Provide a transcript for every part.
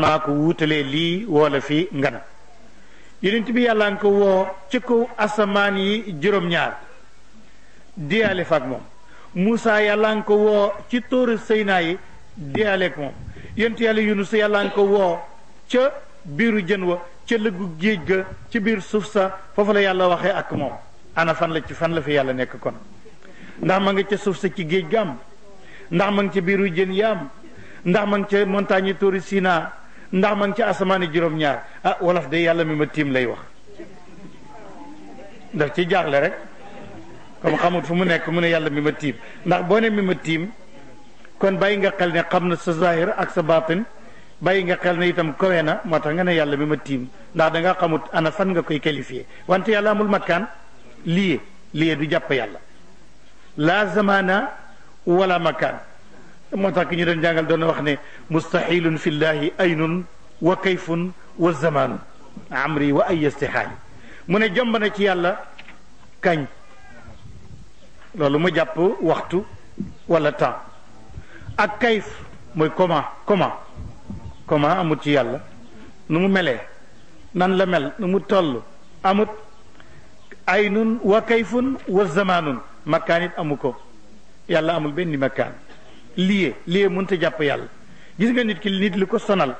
maa ko wuutalee lii wala fii ngana yonent bi yàlla nga ko woo ci kaw asamaan yi juróom-ñaar diyaaleef ak moom Moussa yàlla nga ko woo ci tóoru Seyna yi diyaaleek moom yonent yàlla Yunus yàlla nga ko woo ca biiru jën wa ca lëggu géej ga ci biir suuf sa foofu la yàlla waxee ak moom ana fan la fi yàlla nekk kon ndax ma nga ca suuf sa ci géej ga am ndax ma nga ca biiru jën yaam ndax ma nga ca montagne tóoru Sina ndax man ci asamaani juróom-ñaar ah wolof de yàlla mi ma tiim lay wax daf ci jaaxle rek comme xamut fu mu nekk mu ne yàlla mi ma tiim ndax boo ne mi ma tiim kon bàyyi nga xel ne xam na sa zahir ak sa baatin bàyyi nga xel ne itam kawe na moo tax nga ne yàlla mi ma tiim ndax da nga xamut ana fan nga koy qualifié wante yàlla amul makkaan lii lii du jàpp yàlla laa zamaana wala makkaan moo tax ki ñu doon jàngal doon wax ne mustahilun fi llahi aynun wa kayfun wa zamaanu amri wa ay istihaal mu ne jomb na ci yàlla kañ loolu mu jàpp waxtu wala temps ak kayf mooy comment comment comment amut ci yàlla nu mu melee nan la mel nu mu toll amut aynun wa kayfun wa zamaanun makkaan it amu ko yàlla amul benn makkaan lié lié mënta jàpp yàlla gis nga nit ki nit li ko sonal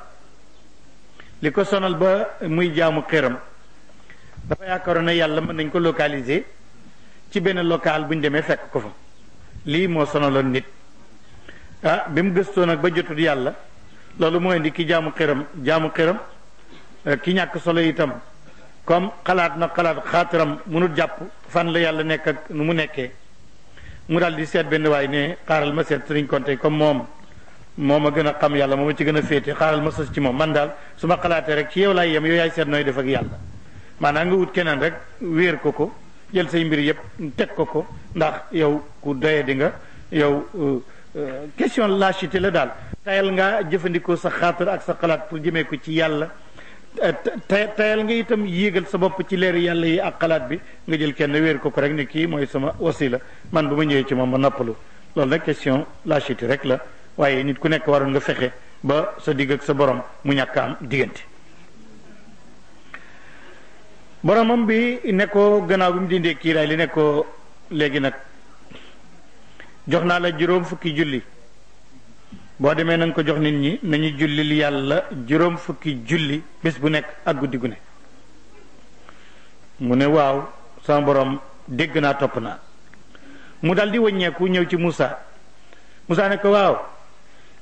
li ko sonal ba muy jaamu xëram dafa yaakaaroon ne yàlla mën nañ ko localiser ci benn local bu ñu demee fekk ko fa lii moo sonaloon nit ah bi mu gëstoo ak ba jotut yàlla loolu moo indi ki jaamu xëram jaamu xëram eh, ki ñàkk solo itam comme xalaat na xalaat xaatiram mënut jàpp fan la yàlla nekk ak nu mu nekkee mu daal di seet benn waay ne xaaral ma seet sëriñ Konte comme moom moom ma gën a xam yàlla moom ma ci gën a féete xaaral ma sës ci moom man daal su ma xalaatee rek ci yow laay yem yow yaay seet nooy def ak yàlla maanaam nga wut keneen rek wéer ko ko jël say mbir yëpp teg ko ko ndax yow ku doye di nga yow euh, euh, question lâcheté la daal tayal nga jëfandikoo sa xaatar ak sa xalaat pour jëmee ko ci yàlla Eh, tayal nga itam yéegal sa bopp ci leeru yàlla yi ak xalaat bi nga jël kenn wéer ko ko rek ni kii mooy sama la man bu ma ñëwee ci moom ma noppalu loolu nag question lâcheté rek la waaye nit ku nekk waroon nga fexe ba sa digg ak sa borom mu ñàkk am diggante boromam bi nekkoo ko gannaaw bi mu dindee kiiraay li nekkoo léegi nag jox naa la juróom fukki julli boo demee na ko jox nit ñi nañu li yàlla juróom fukki julli bés bu nekk ak guddi gu ne mu ne waaw sama borom dégg naa topp naa mu daldi di wëññeeku ñëw ci Moussa Moussa ne ko waaw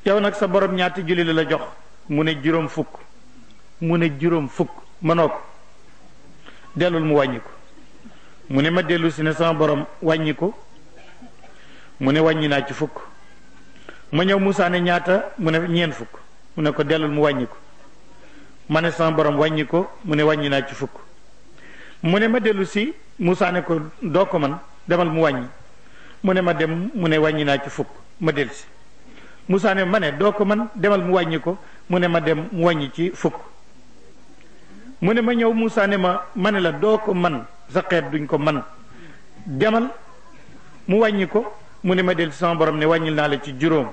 yow nag sa borom ñaati julli la la jox mu ne juróom fukk mu ne juróom fukk mënoo ko dellul mu wàññiku mu ne ma dellu si ne sama borom wàññiku mu ne wàññi naa ci fukk ma ñëw Moussa ñaata mu ne ñeent fukk mu ne ko dellul mu wàññi ko ma ne sama borom wàññi ko mu ne wàññi naa ci fukk mu ne ma dellu si Moussa ne ko doo ko man demal mu wàññi mu ne ma dem mu ne wàññi naa ci fukk ma dellu si Moussa ne ma ne doo ko man demal mu wàññi ko mu ne ma dem mu wàññi ci fukk mu ne ma ñëw Moussa ne ma ma ne la doo ko man sa xeet duñ ko man demal mu wàññi ko mu ne ma dellu si sama borom ne wàññil naa la ci juróom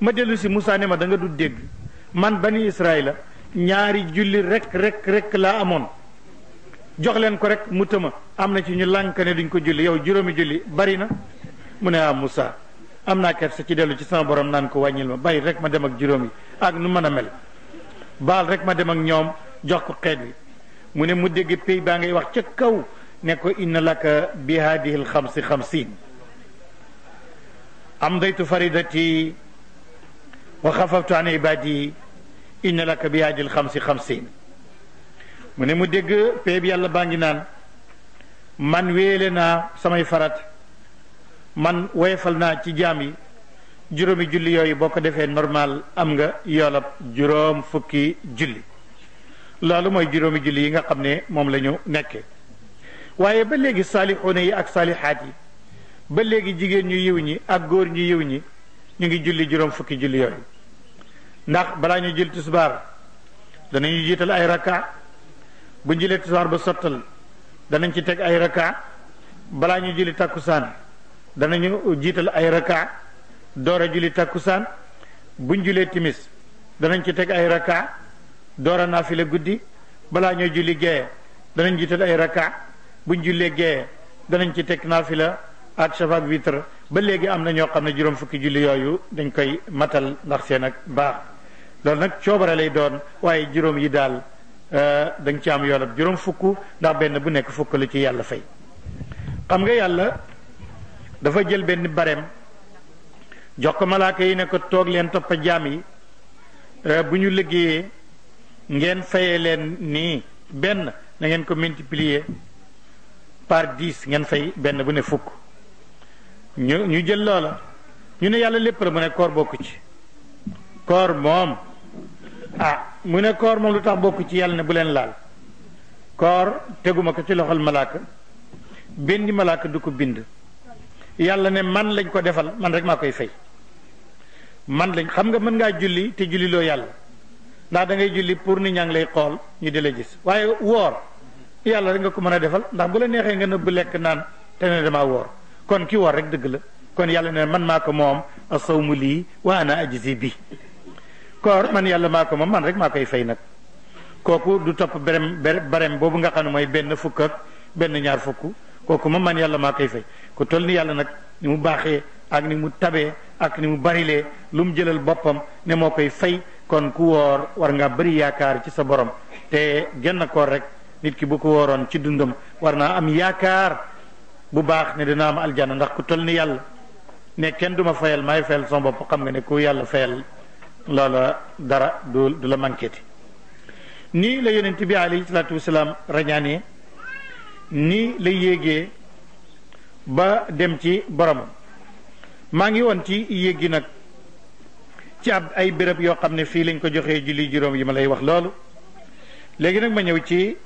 ma Musa ci musa ne ma da nga du deg man bani israila ñaari julli rek rek rek la amon. jox len ko rek mu tëma am na ci ñu lankane duñ ko julli yow juromi julli bari na mu ne ah, musa amna am ci delu ci sama borom nan ko wañil ma bay rek ma dem ak juromi ak nu mel bal rek ma dem ak ñom jox ko xeet wi mu ne mu deg pey ba ngay wax ci kaw ne ko inna laka bi khamsi khamsin am daytu faridati wa xafaftu an ibadi inna laka bi ajil xamsi xamsin mu ne mu dégg péeb yàlla baa ngi naan man wéele naa samay farat man woyefal naa ci jaam yi juróomi julli yooyu boo ko defee normal am nga yoolab juróom fukki julli loolu mooy juróomi julli yi nga xam ne moom la ñu nekkee waaye ba léegi saalixuuna yi ak saalixaat yi ba léegi jigéen ñu yiw ñi ak góor ñu yiw ñi ñu ngi julli juróom fukki julli yooyu ndax balaa ñu jël tisbaar danañu jiital ay raka bu ñu jëlee tisbaar ba sottal danañ ci teg ay raka balaa ñu julli takkusaan danañu jiital ay raka door a julli takkusaan bu ñu jullee timis danañ ci teg ay raka door a naafile guddi balaa ñu julli gee danañ jiital ay raka bu ñu jullee gee danañ ci teg naafila ak witr ba legi am na ñoo xam ne fukki julli yoyu dañ koy matal ndax seen ak baax lool nak coobare lay doon waye juróom yi euh dañ ci am yoonab juróom fukku da ben bu nek fukku la ci yalla fay xam nga yalla dafa jël ben barem jokk malaaka yi ne ko toog leen toppa jaam yi euh, bu ngeen fayee leen nii benn na ngeen ko multiplier par dix ngeen fay benn bu ne fukk ñu ñu jël loola ñu ne yàlla lépp la mu ne koor bokku ci koor moom ah mu ne koor moom lu tax bokku ci yàlla ne bu leen laal koor teguma ko ci loxol malaaka benn malaaka du ko bind yàlla ne man lañ ko defal man rek maa koy fay man lañ xam nga mën ngaa julli te julli loo yàlla ndax da ngay julli pour ni ñaa ngi lay xool ñu di la gis waaye woor yàlla rek nga ko mën a defal ndax bu la neexee nga nëbb lekk naan te ne damaa woor kon ki war rek dëgg la kon yàlla ne man maa ko moom mu lii wa ana ajzi bi koor man yàlla maa ko moom man rek maa koy fay nag kooku du topp berem barem boobu nga xam ne mooy benn fukk ak benn ñaar fukk kooku moom man yàlla maa koy fay ku toll ni yàlla nag ni mu baaxee ak ni mu tabee ak ni mu barilee lu mu jëlal boppam ne moo koy fay kon ku woor war ngaa bëri yaakaar ci sa borom te genn koor rek nit ki bu ko wooroon ci dundam war naa am yaakaar bu baax ne dina am aljana ndax ku toll ni yàlla ne kenn duma fayal may fayal sama bopp xam nga ne ku yàlla fayal loola dara du du la manquéti nii la yonent bi alayhi salaatu wasalaam rañaanee nii la yéegee ba dem ci boromam maa ngi woon ci yéegi nag ci ab ay béréb yoo xam ne fii lañ ko joxee julli juróom yi ma lay wax loolu léegi nag ma ñëw ci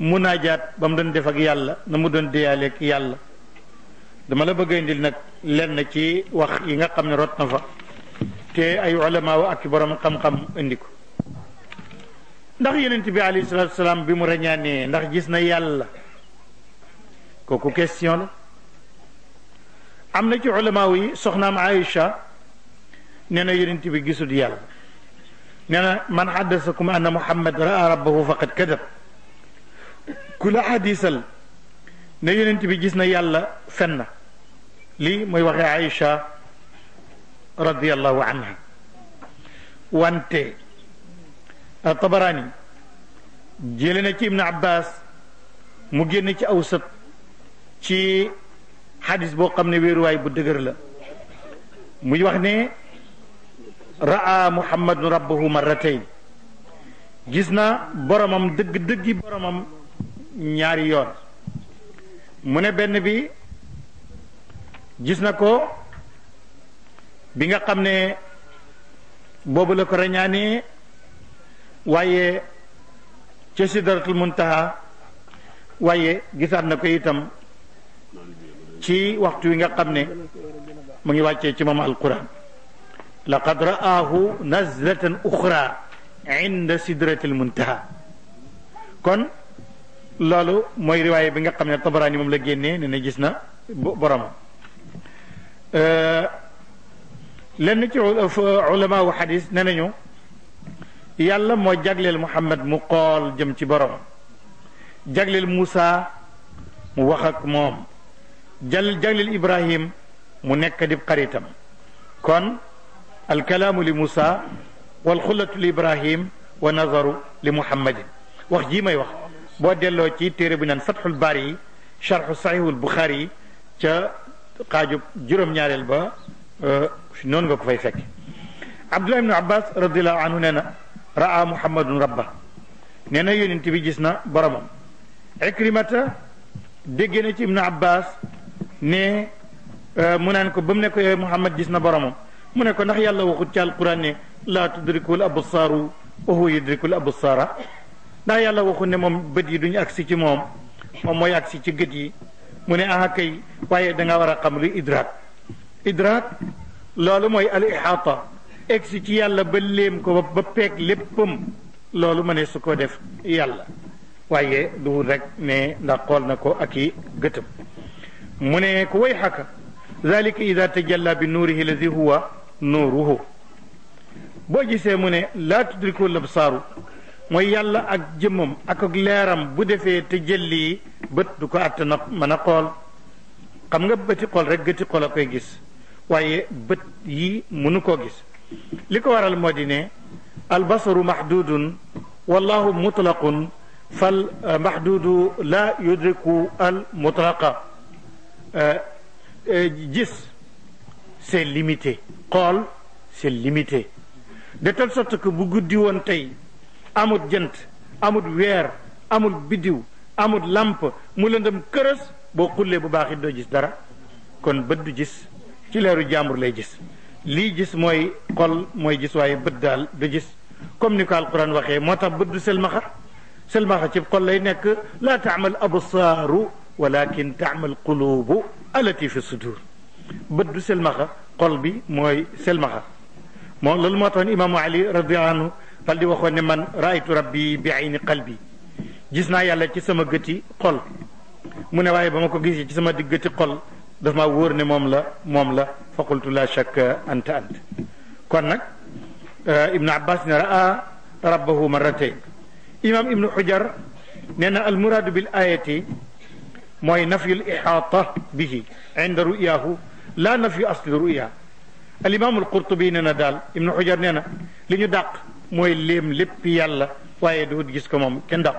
munaajaat ba mu doon def ak yàlla na mu doon deyaaleeg yàlla dama la bëgg a indil nag lenn ci wax yi nga xam ne rot na fa te ay ulama wa ak borom xam-xam indi ko ndax yonent bi alayhi salaatu salaam bi mu reñane ndax gis na yàlla koku question la amna ci ulama yi soxnaam Aïcha nee na yonent bi gisut yàlla nee man hadathakum anna muhammad raa rabbahu faqad kadhab ku la hadisal ne yonent bi gis na yàlla fen na lii mooy waxee Aïcha radiallahu anha wante tabaraani jële na ci ibnu abbas mu génn ci awsat ci xadis boo xam ne wéeruwaay bu dëgër la muy wax ne raa muhammadun rabbahu marratayn gis na boromam dëgg dëggi boromam ñaari yoon mu ne benn bi gis na ko bi nga xam ne boobu la ko rañaane waaye ca sidratul muntaha waaye gisaat na ko itam ci waxtu wi nga xam ne mu ngi wàccee ci moom alquran laqad ra'aahu nazlatan uxra inda sidratil muntaha kon lolu moy riwaya bi nga xamne tabarani mom la genné ne na gis na borom euh lenn ci ulamaawu xadis ne nañu yàlla mo jaglel muhammad mu qol jëm ci borom jaglel musa mu wax ak mom jal jaglel Ibrahim mu nek dib xaritam kon al kalam li musa wal xullatu li Ibrahim wa nazaru li muhammad wax ji may wax بودلو تي تيري بنان فتح الباري شرح صحيح البخاري تا قاجو جرم نيارل با نون غو كفاي فك عبد الله بن عباس رضي الله عنه نانا راى محمد ربه نانا يوننتي بي جسنا برمم عكرمتا دغينا تي ابن عباس ني منان كو بم نكو محمد جسنا برمم من نخ يالله وخو تال قران لا تدركوا الابصار وهو يدرك الابصار ndax yàlla waxu ne moom bët yi duñu agsi ci moom moom mooy agsi ci gët yi mu ne ah kay waaye danga nga war a xam lu idraak idraak loolu mooy al ihaata egsi ci yàlla ba léem ko ba peeg léppam loolu ma ne su ko def yàlla waaye du rekk ne ndax xool na ko ak i gëtëm mu ne ku way xaka zalika ida tajalla bi nuurihi lazi huwa nuuruhu boo gisee mu ne laa tudriku labsaaru moy yàlla ak jëmum ak ak leeram bu defé te jëlli bëtt du ko àtt nak mën xol xam nga bëti xol rek gëti xool a koy gis waye bëtt yi mënu ko gis liko waral modi ne al albasaru mahdudun wallahu mutlaqun fal mahdudu la yudriku al mutlaqa gis c'est limité xol c'est limité de telle sorte que bu guddi won tay amul jënt amul weer amul bidiw amul lamp mu leendum kërës bo xullé bu baax do gis dara kon bët gis ci leeru jàmbur lay gis li gis mooy xol mooy gis waaye bët daal du gis comme ni ko alquran waxee moo tax bët du selmaxa selmaxa ci xol lay nekk la tamal absaaru walakin tamal qulubu alati fi sudur bët du selmaxa xol bi mooy selmaxa moom loolu moo tax imaamu ali radiallahu anhu فالدي وخوني من رأيت ربي بعين قلبي جسنا يلا جسم قتي قل من وعي بمكو جسي جسم قتي قل دفما وورني مملا مملا فقلت لا شك أنت أنت كونك آه، ابن عباس رأى ربه مرتين إمام ابن حجر نينا المراد بالآية موي نفي الإحاطة به عند رؤياه لا نفي أصل رؤيا الإمام القرطبي نينا دال ابن حجر نينا لن يدق mooy léem lépp yàlla waaye du gis ko moom kenn dàq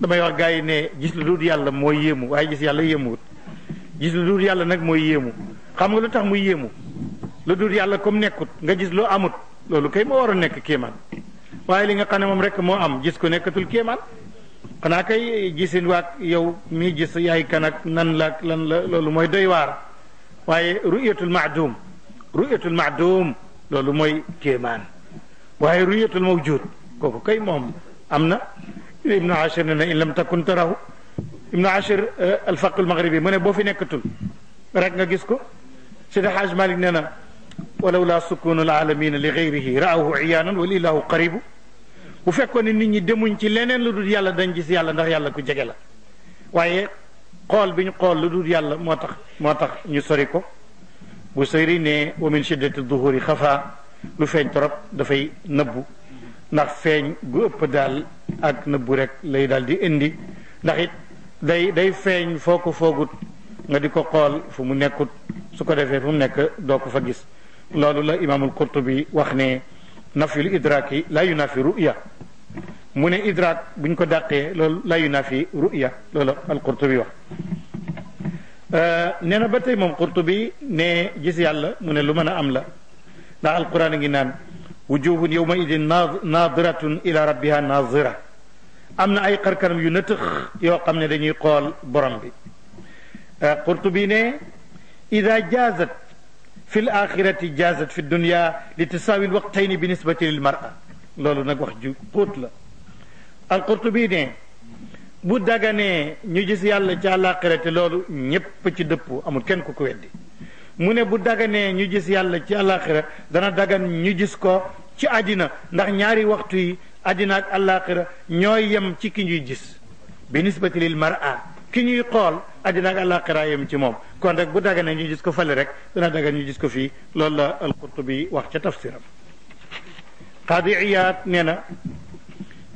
damay wax gars yi ne gis lu dul yàlla moo yéemu waaye gis yàlla yéemuwut gis lu dul yàlla nag mooy yéemu xam nga lu tax muy yéemu lu dul yàlla comme nekkut nga gis loo amut loolu kay moo war nekk kéemaan waaye li nga xam ne moom rek moo am gis ko nekkatul kéemaan xanaa kay gisin waak yow mii gis yaay kan ak nan la lan loolu mooy doy waar waaye ruyatul maadum ruyatul maadum loolu mooy kéemaan وهي رؤية الموجود كوكو كي مهم أمنا ابن عاشر إن لم تكن تراه ابن عاشر آه، الفق المغربي من بو في نكتل رك نجسكو سيد الحاج مالك ننا ولولا سكون العالمين لغيره رأوه عيانا ولله قريب وفكون إن نجد من تلنا لدود يلا دنجس يلا نه يلا كجلا وهي قال بين قال لدود يلا ما تخ ما تخ ومن شدة الظهور خفا lu feeñ trop dafay nëbbu ndax feeñ gu ëpp daal ak nëbbu rek lay daal di indi ndax it day day feeñ foo ko foogut nga di ko xool fu mu nekkut su ko defee fu mu nekk doo ko fa gis loolu la imaamul qurtubi wax ne nafyul idraaki laa yunaafi ruya mu ne idraak buñ ko dàqee loolu laa yunaafi ruya loolu euh, na ba tey moom qurtubi ne gis yàlla mu ne lu mën a am la دع القرآن جنان وجوه يومئذ ناظرة إلى ربها ناظرة أمن أي قركم ينتخ يوقم ندني قال برمبي أه، قلت بيني إذا جازت في الآخرة جازت في الدنيا لتساوي الوقتين بالنسبة للمرأة لولا نقول جو قلت له القلت بيني بود دعاني نجزي الله جل قرأت لولا نبتش دبو أمور كن كوكويدي كو mune bu dagane ñu gis yàlla ci alakhirah dana dagan ñu gis ko ci adina ndax ñaari waxtu yi adina ak alakhirah ñoy yam ci ki ñuy gis bi nisbati lil mar'a ki ñuy xol adina ak alakhirah yam ci mom kon rek bu dagane ñu gis ko fele rek dana dagan ñu gis ko fi lool la al qurtubi wax ci tafsiram qaadi iyaat nee na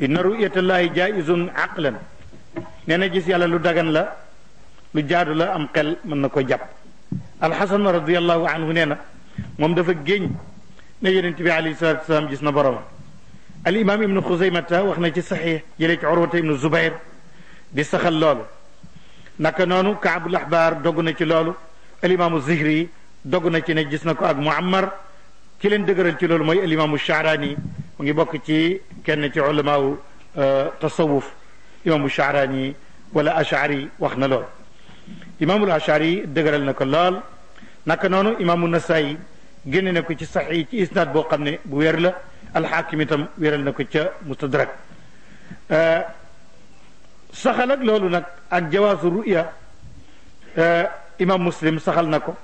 inna ru'yatallahi jaizun aqlan nee gis yàlla lu dagan la lu jaadu la am xel man nako jàpp الحسن رضي الله عنه نينا موم دا نجد گين عليه الصلاه والسلام جيسنا بروما الامام ابن خزيمه واخنا سي صحيح يلي عروه ابن الزبير دي سخال لولو نكا نونو كعب الاحبار دوغنا لولو الامام الزهري دوغنا نجسنا ني معمر كي لين دغرل سي موي الامام الشعراني موغي بوك سي كين علماء آه، تصوف الإمام الشعراني ولا اشعري واخنا لولو imaamul ashari dëgëral na ko lool naka noonu imaamu nasaayi génne na ko ci saxi ci isnaad boo xam ne bu wér la alxaakim itam wéral na ko ca mustadrak saxal ak loolu nag ak jawaasu ruya imam muslim saxal na ko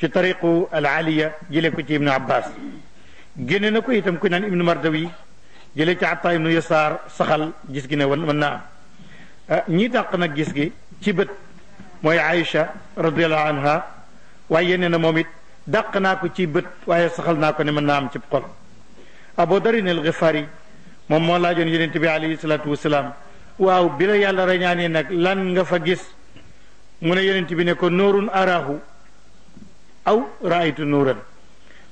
ci tariqu al aliya jële ko ci ibnu abbas génne na ko itam ku naan ibnu mardawi jële ci atta ibnu yasaar saxal gis gi ne wan mën naa am ñi dàq nag gis gi ci bët mooy Aïcha radiallahu anha waaye nee na moom it dàq naa ko ci bët waaye saxal naa ko ne mën naa am ci xol Abu Darin al Ghifari moom moo laajoon yonent bi alayhi salaatu wasalaam waaw bi la yàlla rañaanee nag lan nga fa gis mu ne yonent bi ne ko nuurun arahu aw raaytu nuuran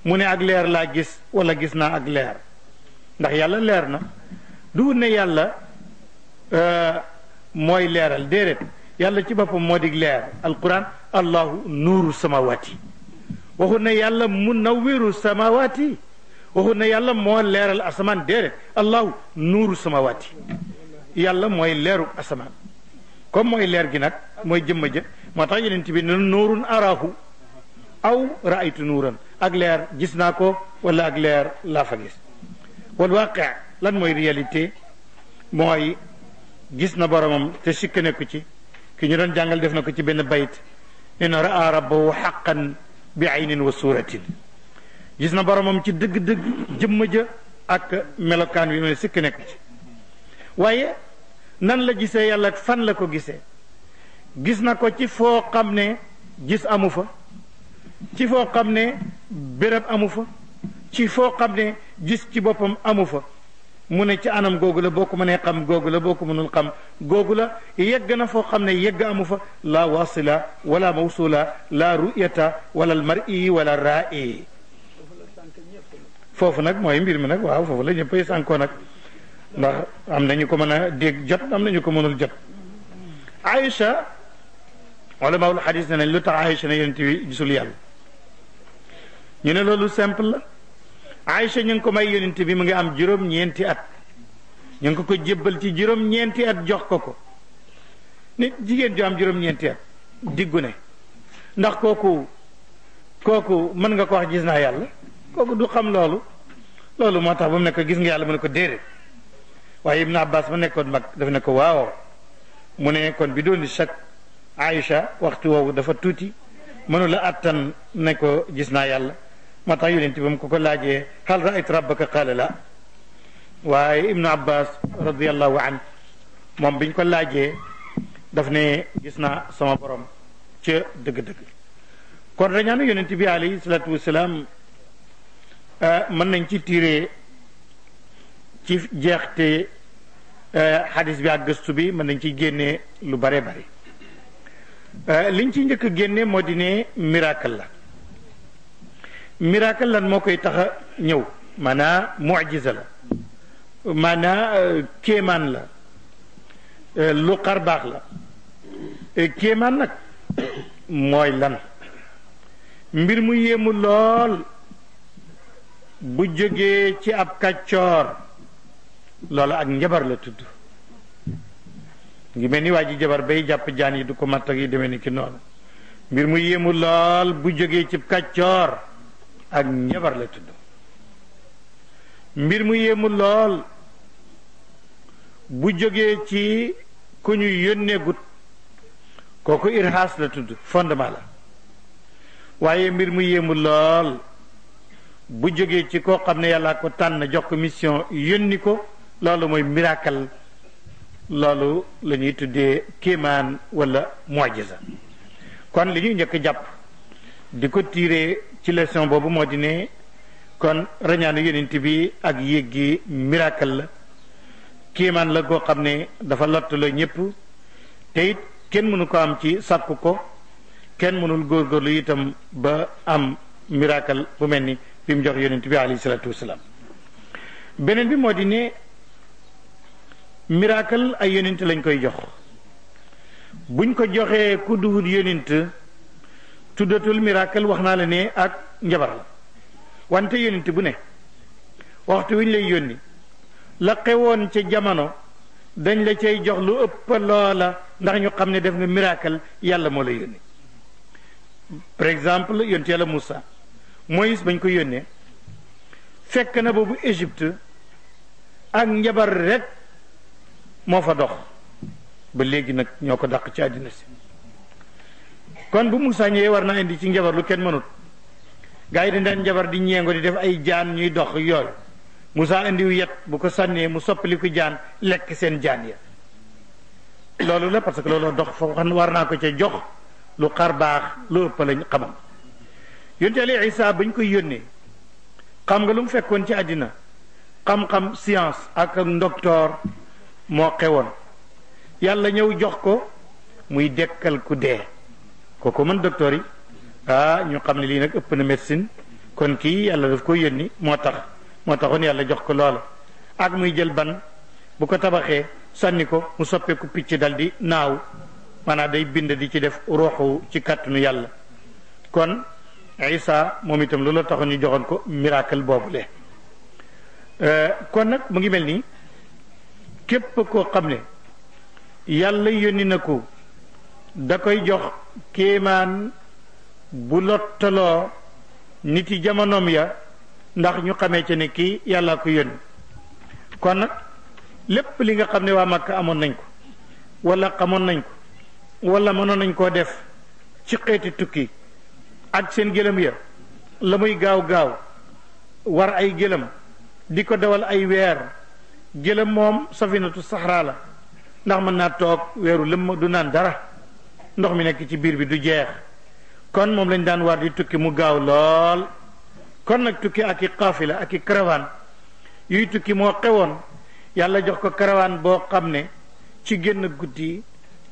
mu ne ak leer laa gis wala gis naa ak leer ndax yàlla leer na du ne yàlla mooy leeral déedéet yàlla ci boppam moo digleer leer alquran allahu nuuru samawaati waxut ne yàlla munawiru samawaati waxut ne yàlla moo leeral asamaan déedéet allahu nuuru samawaati yàlla mooy leeru asamaan comme mooy leer gi nag mooy jëmma jë moo tax yeneen bi ne nuurun araahu aw raaytu nuuran ak leer gis naa ko wala ak leer laa wal waaqe lan mooy réalité mooy gis na boromam te sikk nekku ci كي ندون جانغال ديفنا كو تي بايت ان راى ربه حقا بعين وسوره جزنا بروموم تي دغ دغ جيمجا اك ملوكان وي سيك نيكو تي نان لا جيسه يالا فان لا كو جيسه جيسنا كو تي فو خامني جيس امو تي فو خامني بيرب اموفا فا تي فو خامني جيس تي بوبام امو mu ne ci anam googu la boo ko mënee xam googu la boo ko mënul xam googu la yegg na foo xam ne yegg amu fa laa wasila wala mawsula laa ruyata wala almari wala ra'i foofu nag mooy mbir mi nag waaw foofu la ñëppay sànkoo nag ndax am nañu ko mën a dégg jot am nañu ko mënul jot Aïcha ulamaul xadis ne nañ lu tax Aïcha ne yonent loolu simple Aïcha ñu ngi ko may yonent bi mu ngi am juróom-ñeenti at ñu ngi ko ko jébbal ci juróom-ñeenti at jox ko ko nit jigéen ju am juróom-ñeenti at diggu ne ndax kooku kooku mën nga ko wax gis naa yàlla kooku du xam loolu loolu moo tax ba mu ne gis nga yàlla mu ne ko déedéet waaye naa Abbas ma nekkoon mag dafa ne ko waaw mu ne kon bi doon chaque Aïcha waxtu woowu dafa tuuti mënu la attan ne ko gis naa yàlla moo tax yonent bi mu ko ko laajee hal raayt rabbaka qaala la waaye ibnu abbas radiallahu an moom biñ ko laajee daf ne gis naa sama borom ca dëgg-dëgg kon rañaanu yonent bi alayhi salaatu wasalaam mën nañ ci tiire ci jeexte xadis bi ak gëstu bi mën nañ ci génne lu bare bare liñ ci njëkk génne moo di ne la miracle lan moo koy tax a ñëw maanaa mucjisa la maanaa euh, kéemaan la euh, lu xar baax la euh, kéemaan nag mooy lan mbir mu yéemu lool bu jógee ci ab kàccoor loola ak njabar la tudd ngi mel ni waa ji jabar bay jàpp jaan yi du ko matt ak yi demee ni ki noonu mbir mu yéemu lool bu jógee ci kàccoor ak njabar la tudd mbir mu yéemu lool bu jógee ci ku ñu yónneegut kooku irhaas la tudd fondement la waaye mbir mu yéemu lool bu jógee ci koo xam ne yàlla ko tànn jox ko mission yónni ko loolu mooy miracle loolu lañuy ñuy tuddee kéemaan wala mujiza kon li ñuy njëkk jàpp di ko tiire ci leçon boobu moo di ne kon rañaanu yonent bi ak yéeg gi miracle la kéemaan la goo xam ne dafa lott la ñëpp te kenn mënu ko am ci sàkku ko kenn mënul góorgóorlu itam ba am miracle bu mel ni bi mu jox yonent bi alayhi salaatu wasalaam beneen bi moo di ne miracle ay yonent lañ koy jox buñ ko joxee ku duhut yonent tuddatul miracle waxna la ne ak njabaral wante yonenti bu ne waxtu wiñ lay yoni la xewoon ci jamono dañ la cey jox lu upp lola ndax ñu xamne def nga miracle yàlla mo lay yoni par exemple yonenti yàlla musa Moïse bañ ko yónnee fekk na bobu Égypte ak njabar rek mo fa dox ba legi nak ñoko dakk ci adina ci kon bu musa ñewé war na indi ci njabar lu kenn mënut gaay di ndan njabar di ñeengo di def ay jaan ñuy dox musa Moussa wu yett bu ko sanné mu soppaliku jaan lek seen jaan ya lolu la parce que lolu dox fo xam war ko ci jox lu xar baax lu ëpp lañ xamam yónte ali Isa buñ ko yonne xam nga lu mu fekkon ci adina xam-xam science ak docteur mo xewon yalla ñew jox ko muy dekkal ku dee kooku mën docteur yi ah ñu xam ne lii nag ëpp na médecine kon kii yàlla daf ko yónni moo tax moo taxoon yàlla jox ko loola ak muy jël ban bu ko tabaxee sànni ko mu soppeeku picc dal di naaw maanaam day bind di ci def ruuxu ci kàttanu yàlla kon Isa moom itam loolu taxoon ñu joxoon ko miracle boobule euh, kon nag mu ngi mel nii képp koo xam ne yàlla yónni na ko da koy jox kéemaan bu lottaloo nit yi jamonoom ya ndax ñu xamee ci ne kii yàllaa ko yónni kon nag lépp li nga xam ne waa Makka amoon nañ ko walla xamoon nañ ko wala mënoon nañ koo def ci xeeti tukki ak seen gëlëm ya la muy gaaw gaaw war ay gëlëm di ko dawal ay weer gëlëm moom safinatu saxraa la ndax mën naa toog weeru lëmm du naan dara ndox mi nekk ci biir bi du jeex kon moom lañ daan war di tukki mu gaaw lool kon nag tukki ak i xaafila ak i karawaan yuy tukki moo xewoon yàlla jox ko karawaan boo xam ne ci génn guddi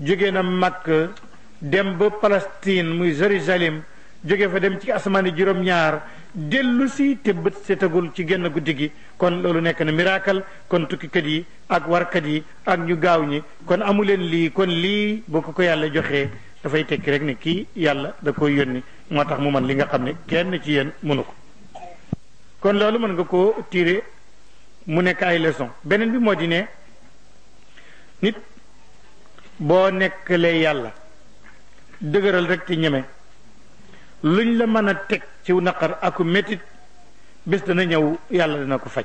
jóge na Makka dem ba Palestine muy Jérusalem joge fa dem ci asmani jurom ñaar delu ci te beut setagul ci genn guddi kon lolu nekana na miracle kon kat yi ak kat yi ak ñu gaaw ñi kon amulen li, kon li bu ko ko joxe da fay tek rek ne ki yalla da koy yoni motax mu man li nga xamne kenn ci yeen munuko kon lolu man nga ko tiire mu nek ay leçon benen bi modi ne nit nek le yalla dëgëral rek ci ñeme luñ la mën a teg ci naqar aku métit bés dana ñëw yàlla dana ko faj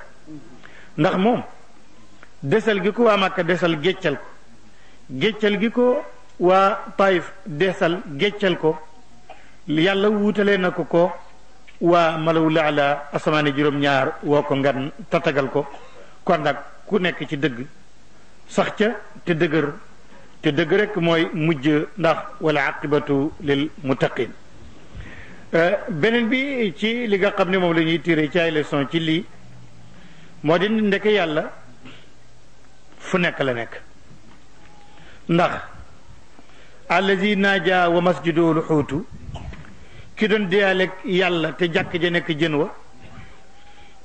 ndax moom desal gi ko waa Màkka desal géccal ko géccal gi ko waa desal géccal ko yàlla wuutale na ko ko waa malaw laala asamaane juróom-ñaar woo ko ngan tatagal ko kon nag ku nekk ci dëgg sax ca te dëgër te dëgg rek mooy mujj ndax wala aqibatu lil muttaqin Euh, beneen bi ci li nga xam ne moom lañuy ñuy tiré ci ay leçon ci lii moo di ndek yàlla fu nekk la nekk ndax allazi naaja wa masjidu lu xuutu ki doon deyaleg yàlla te jàkk ja nekk jën wa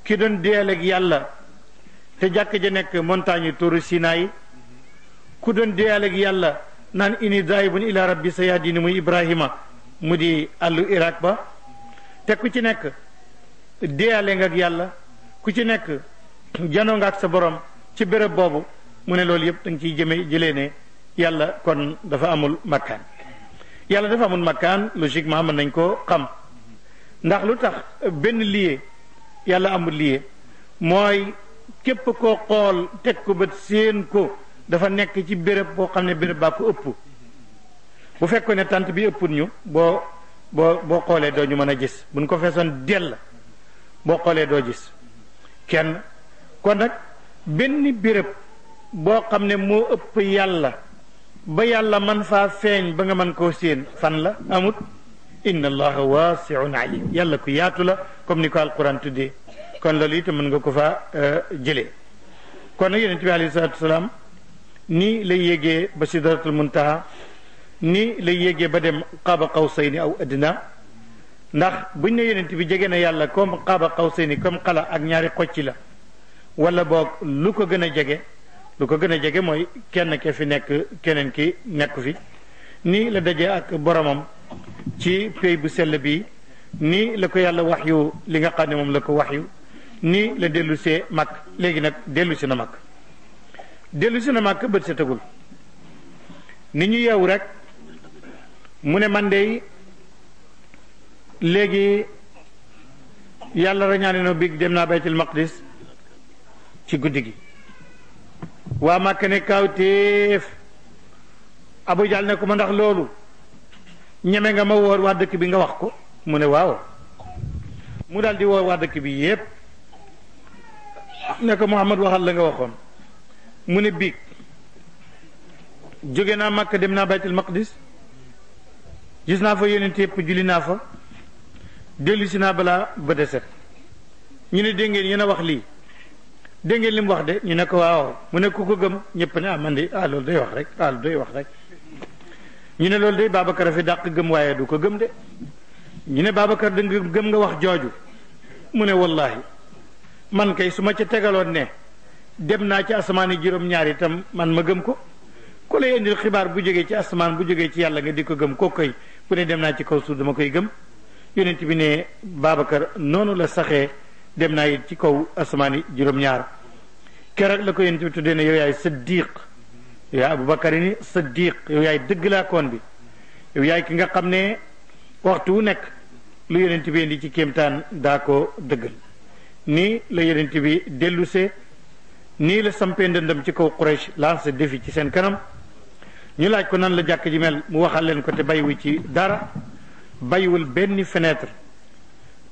ki doon deyaleg yàlla te jàkk ja nekk montagne turu Sinaay ku doon deyaleg yàlla naan ini daayibun ila rabbi sayadini muy Ibrahima mu di àllu Irak ba te ku ci nekk deyaale nga ak yàlla ku ci nekk janoo nga ak sa borom ci béréb boobu mu ne loolu yëpp da nga ciy jëme jëlee ne yàlla kon dafa amul makkaan yàlla dafa amul makaan logiquement mën nañ koo xam ndax lu tax benn lié yàlla amul lié mooy képp ko xool teg ko bët séen ko dafa nekk ci béréb boo xam ne béréb baa ko ëpp bu fekkoon ne tànt bi ëpput ñu boo boo boo xoolee doo ñu mën a gis buñ ko feesoon dell boo xoolee doo gis kenn kon nag benn béréb boo xam ne moo ëpp yàlla ba yàlla man faa feeñ ba nga mën koo séen fan la amut inna allaha waasiun alim yàlla ku yaatu la comme ni ko alquran tuddee kon loolu itam mën nga ko faa euh, jëlee kon nag yonent bi alayhi salaatu wasalaam nii lay yégee ba sidratul muntaha ni lay yéegee ba dem qaaba qawsayni aw adna ndax buñ ne yonent bi jege na yàlla comme qaaba qawsayni comme xala ak ñaari xocci la wala boog lu ko gën a jege lu ko gën a jege mooy kenn ke fi nekk keneen ki nekk fi ni la daje ak boromam ci pey bu sell bi ni la ko yàlla wax yu li nga xam ne moom la ko wax yu ni la dellusee mag léegi nag dellu si na mag dellu si na mag bët sa tagul ni ñu yeewu rek mu ne man dey léegi yàlla rañaane na biig dem naa baytul maqdis ci guddi gi waa Màkka ne kawtéef Abu Jahl ne ko ma ndax loolu ñeme nga ma woor waa dëkk bi nga wax ko mu ne waaw mu daal di woor waa dëkk bi yépp ne ko Muhammad waxal la nga waxoon mu ne biig jóge naa Màkka dem naa baytul maqdis gis naa fa yonent yëpp julli naa fa dellu si naa balaa ba deset ñu ne dégg ngeen yéen a wax lii dégg ngeen li mu wax de ñu ne ko waaw mu ne ku ko gëm ñëpp ne ah man de ah loolu day wax rek ah loolu day wax rek ñu ne loolu de Babacar fi dàq gëm waaye du ko gëm de ñu ne baabakar da nga gëm nga wax jooju mu ne wallaahi man kay su ma ca tegaloon ne dem naa ci asamaani juróom-ñaar itam man ma gëm ko ku lay indil xibaar bu jógee ci asamaan bu jógee ci yàlla nga di ko gëm kooku koy bu ne dem naa ci kaw suuf dama koy gëm yonent bi ne Babacar noonu la saxee dem naa it ci kaw asamaani juróom-ñaar keroog la ko yonent bi tuddee ne yow yaay saddiq yow yaay Aboubacar ni saddiq yow yaay dëgg laa koon bi yow yaay ki nga xam ne waxtu wu nekk lu yonent bi indi ci kéemtaan daa ko dëggal nii la yonent bi dellusee nii la sampee ndëndam ci kaw Quraysh lancé defi ci seen kanam ñu laaj ko nan la jàkk ji mel mu waxal leen ko te bayiwu ci dara bayiwul benn fenêtre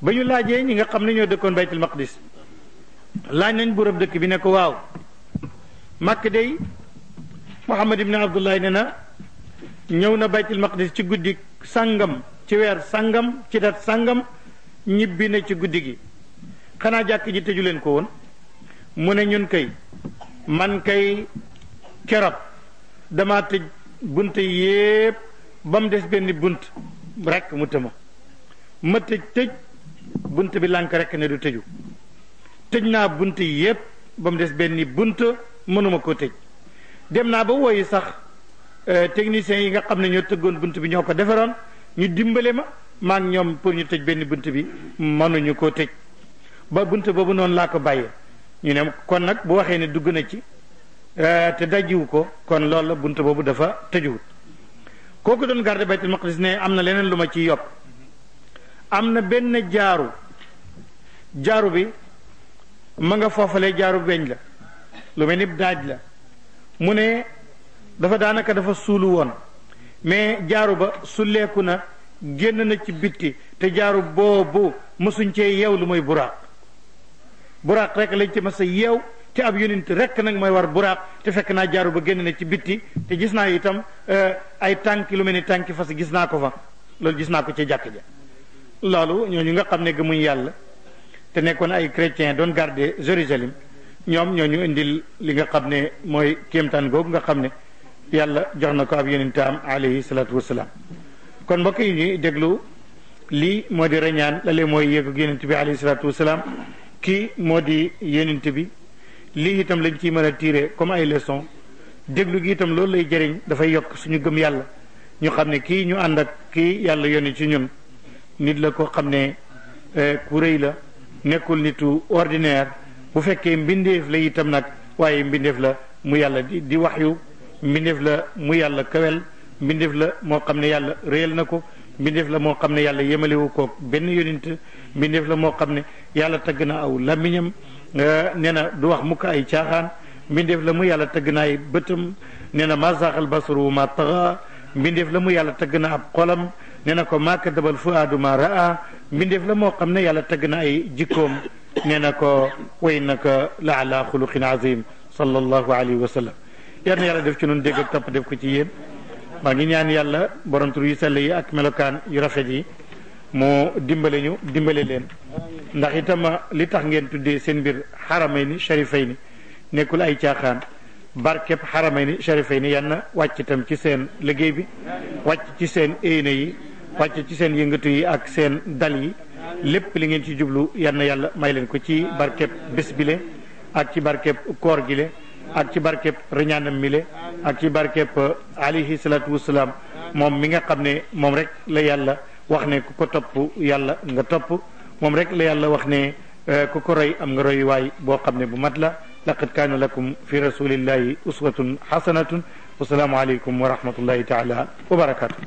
ba ñu laajee ñi nga xam ne ñoo dëkkoon baytul maqdis laaj nañ burab dëkk bi ne ko waaw màkk day muhammad ibni abdullahi ne na ñëw na baytul maqdis ci guddi sàngam ci weer sàngam ci dat sàngam ñibbi na ci guddi gi xanaa jàkk ji tëju leen ko woon mu ne ñun kay man kay keroog dama tëj bunt yépp ba mu des benn bunt rekk mu tëma ma tëj tëj bunt bi lànk rekk ne du tëju tëj naa bunt yépp ba mu des benn bunt mënuma koo tëj dem naa ba woyi sax euh, techniciens yi nga xam ne ñoo tëggoon bunt bi ñoo ko defaroon ñu dimbale ma maa ñoom pour ñu tëj benn bunt bi mënuñu koo tëj ba bunt boobu noonu laa ko bàyyee ñu ne kon nag bu waxee ne dugg na ci Eh, te dajjiwu ko kon loolu la bunt boobu dafa tëjuwut kooku doon garde baytul maqdis ne am na leneen lu ma ci yokk am na benn jaaru jaaru bi ma nga foofale jaaru beñ la lu mel ni daaj la mu ne dafa daanaka dafa suulu woon mais jaaru ba sulleeku na génn na ci bitti te jaaru boobu mësuñ cee yeew lu mooy buraaq buraaq rekk lañ ci mës a yeew ci ab yonent rek nag mooy war buraaq te fekk naa jaaru ba génn na ci bitti te gis naa itam eh, ay tànki lu mel ni tànki fas gis naa ko fa loolu gis naa ko ci jàkk ja loolu ñooñu nga xam ne gëmuñ yàlla te nekkoon ay chrétien doon garder Jérusalem ñoom ñooñu indil li nga xam ne mooy kéemtaan googu nga xam ne yàlla jox na ko ab yonentam alayhi salaatu wasalaam kon mbokk yi ñuy déglu lii moo di reñaan lalee mooy yéegu yonent bi alayhi salaatu wasalaam kii moo di yonent bi lii itam lañ ciy mën a tiire comme ay leçon déglu gi itam loolu lay jëriñ dafay yokk suñu gëm yàlla ñu xam ne kii ñu ànd ak kii yàlla yónni ci ñun nit la ko xam ne eh, ku rëy la nekkul nitu ordinaire bu fekkee mbindeef la itam nag waaye mbindeef la mu yàlla di di wax yu mbindeef la mu yàlla kawel mbindeef la moo xam ne yàlla réyal na ko mbindeef la moo xam ne yàlla yemalewu koog benn yonent mbindeef la moo xam ne yàlla tagg na aw làmmiñam nee na du wax mukk ay caaxaan mbindeef la mu yàlla tëgg na ay bëtam nee na maa saaxal basaru ma taxa mbindeef la mu yàlla tëgg na ab xolam nee na ko maa kadabal fuaadu ma raa mbindeef la moo xam ne yàlla tëgg na ay jikkoom nee na ko way naka la ala xuluqin azim sallallahu alayhi wa sallam yal na def ci nun dégg ak topp def ko ci yéen maa ngi ñaan yàlla borom tur yu yi ak melokaan yu rafet yi mu dimbale ñu dimbale leen ndax itam li tax ngeen tuddee seen mbir xaramay ni sharifay ni nekkul ay caaxaan barkeb xaramay ni sharifay ni yal na wàcc itam ci seen liggéey bi wàcc ci seen éyna yi wàcc ci seen yëngatu yi ak seen dal yi lépp li ngeen ci jublu yal na yàlla may leen ko ci barkeb bés bile ak ci barkeb koor gile ak ci barkeb reñaanam mile ak ci barkeb eh, alayhi salaatu wasalaam moom mi nga xam ne moom rek la yàlla wax ne ku ko topp yàlla nga topp moom rek la yàlla wax ne eh, ku ko roy am nga roy waay boo xam ne bu mat la laqad kaana lakum fi rasulillahi uswatun xasanatun wasalaamu aleykum wa rahmatullahi taala wa barakatu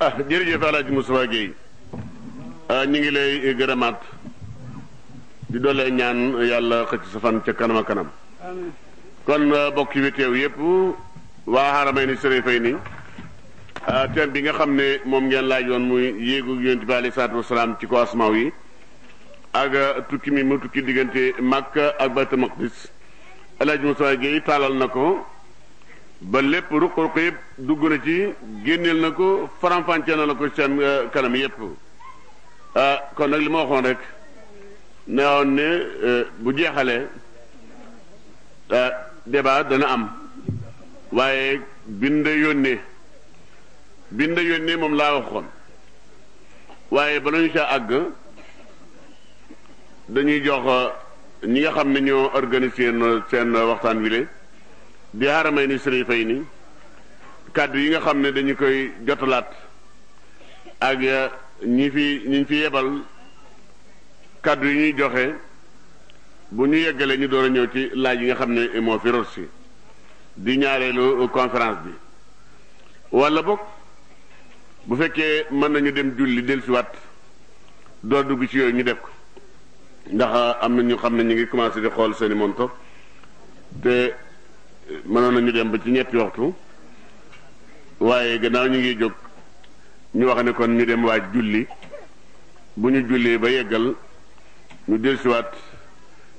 ah jërëjëf Alaaji Moussa Gueye ah, ñu ngi lay gërëmaat di doole ñaan yàlla xëcc sa ca kanam kanam kon ah, bokki wi teew waa xaramay ni sërifay ni ah, thème bi nga xam ne moom ngeen laajoon muy yéegu yonent bi aleyhi salaatu wasalaam ci ko asmaaw yi ak ah, tukki mi mu tukki diggante Makka ak Baytul Maqdis El Hadj Moussa Gueye taalal na ko ba lépp ruq-ruq yëpp dugg na ci génneel na ko faram-fàccee na la ko seen ah, kanam yëpp kon nag li ma waxoon rek ne woon ne eh, bu jeexalee débat dana am. waaye bind yónnee bind yónnee moom laa waxoon waaye bala ñu ca àgg dañuy jox uh, ñi nga xam ne ñoo organiser seen uh, uh, waxtaan wile di haramay ni sëriñ fay ni kàddu yi nga xam ne dañu koy jotalaat ak ñi fi ñi fi yebal kàddu yi ñuy joxe bu ñu yeggalee ñu door a ñëw ci laaj yi nga xam ne moo fi rot di ñaareelu conférence bi wala boog bu fekkee mën nañu dem julli dellusiwaat doo dugg ci yooyu ñu def ko ndax uh, am na ñu xam na ñu ngi commencé di xool seeni monto te uh, mënoon nañu dem ba ci ñetti waxtu waaye gannaaw ñu ngi jóg ñu wax ne kon ñu dem waaj julli bu ñu jullee ba yeggal ñu dellusiwaat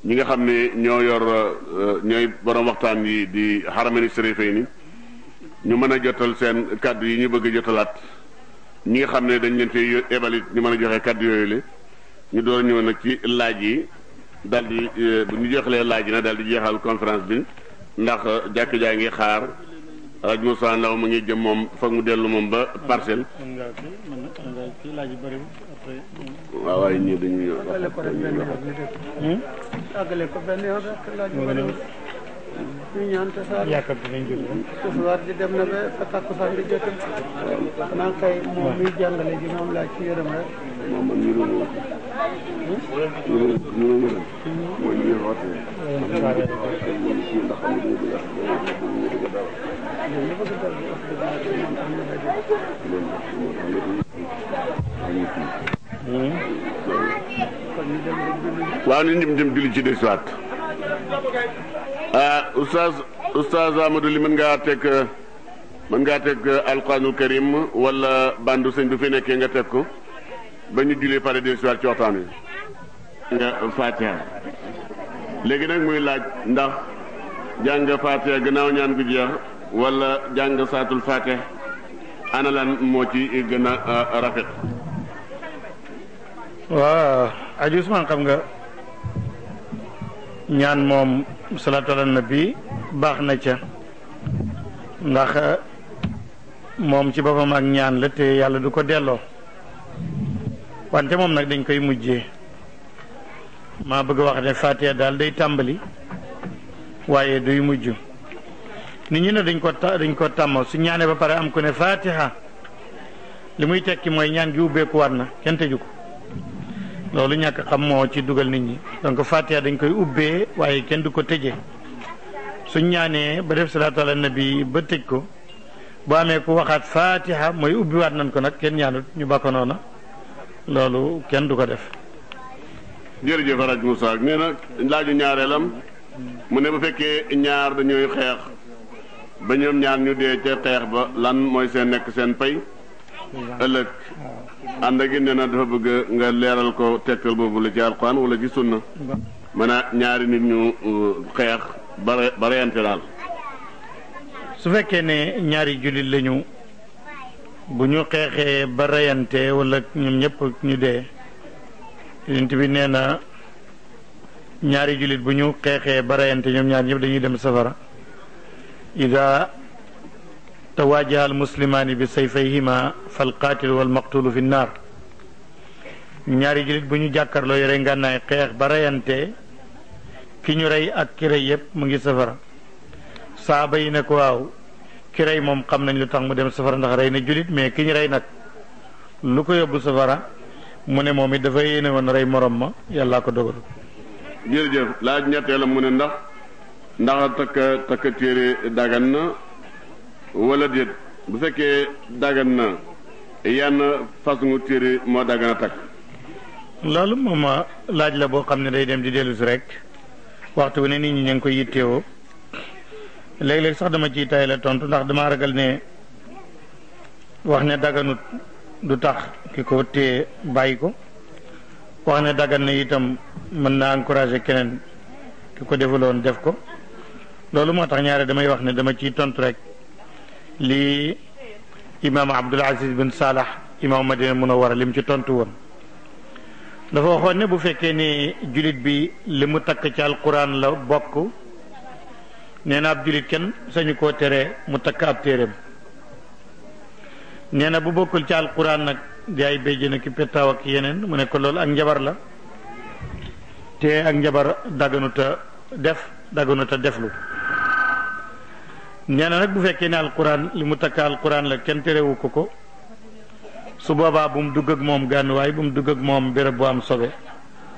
ñi nga xam ne ñoo yor euh, ñooy borom waxtaan yi di xaramani sërifayni ñu mën a jotal seen kàddu yi ñu bëgg a jotalaat ñi nga xam ne dañ leen fay ebalit ñu mën a joxe kàddu yooyu la ñu doon ñëw nag ci laaj yi daal di euh, bu ñu jeexalee laaj yi nag daal di jeexal conférence bi ndax euh, jàkk jaa ngi xaar rajo Moussa Ndaw mu ngi jëm moom foog mu dellu moom ba parcelle. waaw waaye ñii dañuy àggale ko benn yoon rek laaj yu bëri ñu ñaan te saa yàkkat bi nañ jóg tisbaar ji dem na ba fa takkusaan di jot xanaa kay moom miy jàngale ji moom laaj ci yërëm rek moom man ñu doon ñu doon yërëm mooy ñu roote moom si ndax xam nga dëgg ñu dëgg dara ñu bëgg dara wax dëgg moom am na daje loolu moo tax nga ñu fii waaw ni ñim dem julli ci des waat ah oustaz oustaz Amadou li mën ngaa teg mën ngaa teg alquranul karim wala bandu sëñ bu fi nekkee nga teg ko ba ñu jullee pare des waat ci waxtaan nga Fatiha léegi nag muy laaj ndax jàng Fatiha gannaaw ñaan gu jeex walla jàng saatul Fatiha ana moo ci gën a rafet aji usman xam nga ñaan moom salatu ala nabi baax na ca ndax eh, moom ci boppam ak ñaan la te yàlla du ko delloo wante moom nag dañ koy mujjee maa bëgg wax ne Fatiha daal day tàmbali waaye duy mujj nit ñi ne dañ ko dañ ko tàmmoo su ñaanee ba pare am ku ne Fatiha li muy tekki mooy ñaan gi ubbeeku war na kenn tëju loolu ñak xam mo ci dugal nit ñi donc fatia dañ koy ubbé waye kenn du ko tejé su ñaanee ba def salatu ala nabi ba tej ko bu amé ku waxaat fatiha ubbi wat nañ ko nak kenn ñaanu ñu bako nona loolu kenn du ko def jërëjëf faraj musa ak na laaju ñaareelam mu ne bu fekkee ñaar dañuy xex ba ñom ñaar ñu dé ci xex ba lan moy sen nek sen pay ëlëk ànd ak ne na dafa bëgg nga leeral ko tegtal boobu la ci alquran wala ci sunna mën a ñaari nit ñu uh, xeex bare bareyante daal su fekkee ne ñaari jullit lañu bu ñu xeexee ba reyante wala ñoom ñëpp ñu dee yonent bi nee na ñaari jullit bu ñu xeexee ba reyante ñoom ñaar ñëpp dañuy dem safara te bi تواجه المسلمان بسيفيهما فالقاتل والمقتول في النار ñaari jullit bu ñu jàkkarloo yore ngànnaay xeex ba reyante ki ñu rey ak ki rey yépp mu ngi safara saaba yi ne ko waaw ki rey moom xam nañ lu tax mu dem safara ndax rey na jullit mais ki ñu rey nag lu ko yóbbu safara mu ne moom it dafa yéene woon rey morom ma yàllaa ko dogal jërëjëf laaj ñetteel mu ne ndax ndax takk takk téere dagan wala déet bu fekkee daggan na yan façon téere moo daggan a takk loolu moom laaj la boo xam ne day dem di dellusi rek waxtu wu ne nit ñi ñu ngi koy yittewoo léeg-léeg sax dama ciy tay la tontu ndax dama ragal ne wax ne daganut du tax ki ko téye bàyyi ko wax ne daggan na itam mën naa encouragé keneen ki ko defuloon def ko loolu moo tax ñaare damay wax ne dama ciy tontu rek li imaam Abdul Aziz bin Salah imaam Madina Munawara li mu ci tontu woon dafa waxoon ne bu fekkee ni jullit bi li mu takk ci alquran la bokk nee na ab jullit kenn sañu koo tere mu takk ab téereem nee bu bokkul ci alquran nag di ay béjjën ak pettaaw ak yeneen mu ne ko loolu ak njabar la te ak njabar dagganuta def dagganuta deflu nee na nag bu fekkee ne alquran li mu takk alquran la kenn terewu ko ko su boobaa bu mu dugg ak moom waaye bu mu dugg ak moom béréb bu am sobe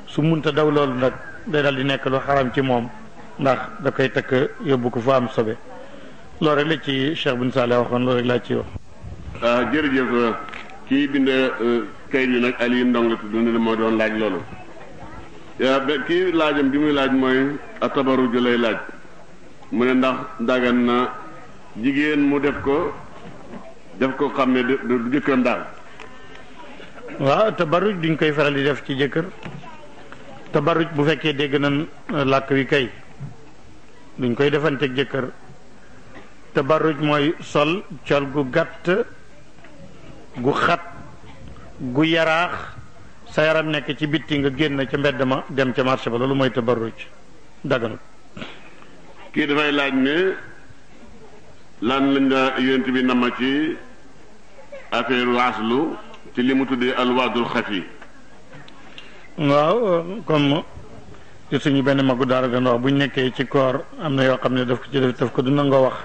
su munta daw loolu nag day dal di nekk lu xaram ci moom ndax da koy takk yóbbu ko fa am sobe loolu rek la ci Cheikh Bun Saleh waxoon loolu rek laa ci wax. Ah, jërëjëf kii bind euh, kayit bi nag Aliou Ndong la tudd ne moo doon laaj loolu kii laajam bi muy laaj mooy atabaru ju lay laaj. mu ne ndax dagan na jigéen mu def ko def ko xam ne du jëkkëram daal waaw tabarruj duñ koy faral di def ci jëkkër tabarruj bu fekkee dégg euh, làkk wi kay duñ koy jëkkër tabarruj mooy sol col gu gàtt gu xat gu yaraax sa yaram nekk ci bitti nga génn ca mbedd ma dem ca marché ba loolu mooy tabarruj daganut kii dafay laaj ne lan lañ daa yonent bi nama ci affaire waaslu ci li mu tuddee alwaadul yi waaw comme suñu benn magu daara doon wax buñ nekkee ci koor am na yoo xam ne daf ko ci def daf ko du nangoo wax